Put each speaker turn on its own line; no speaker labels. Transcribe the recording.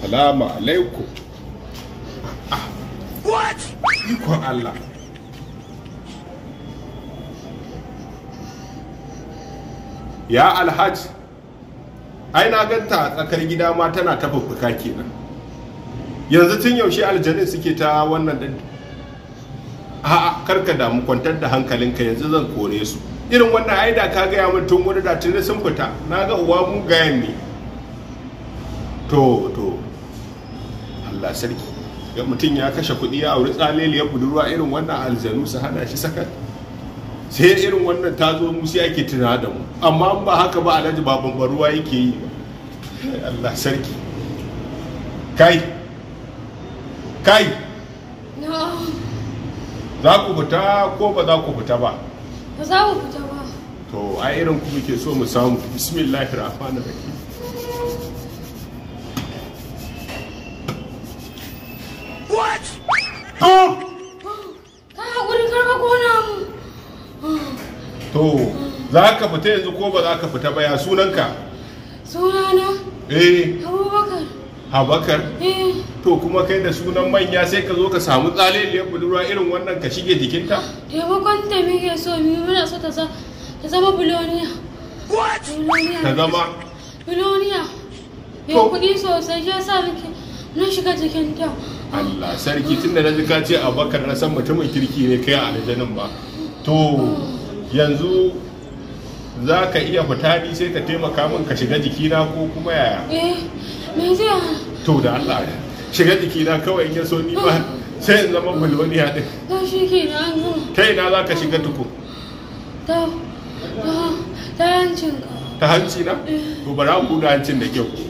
assalamu alaikum what ikon allah ya alhaji ai na ganta a tsakar gida ma tana ta fuffuka kenan yanzu tun yaushe aljanin suke ta wannan din a'a karka damu kwantar da hankalinka yanzu zan kore su irin wannan ai da ka gaya min tun wani da tuni sun fita na ga uwa mu gayan ne to to Allah sarki ya mutum ya kashe kuɗi ya auri ya budurwa irin wannan aljanu su hana shi sakat sai irin wannan ta zo mu sai ake tuna da mu amma in ba haka ba alhaji ba ruwa yake yi ba Allah sarki kai kai za ku fita ko ba za ku fita ba ba za ku fita ba to a irin ku muke so mu samu bismillahir rahmanir rahim to za ka fita yanzu ko ba za ka fita ba ya sunanka sunana eh abubakar habakar eh. to kuma kai da sunan manya sai ka zo ka samu tsaliliyar budurwa irin wannan ka shige jikinta taimakon ta muke so mu muna so ta zama buloniya ta zama buloniya ya kudi sosai ya sa muke na shiga jikinta Allah sarki tunda na ji ka ce abakar na san mutumin kirki ne kai a aljanin ba to mm. yanzu za ka iya fita sai ka taimaka min ka shiga jikina ko kuma yaya eh, to da Allah shiga jikina kawai in ya so ni ba sai in zama bulwani ya din ta ina za ka shiga tuku ta hancin ta hanci na eh. to bara ku da hancin da kyau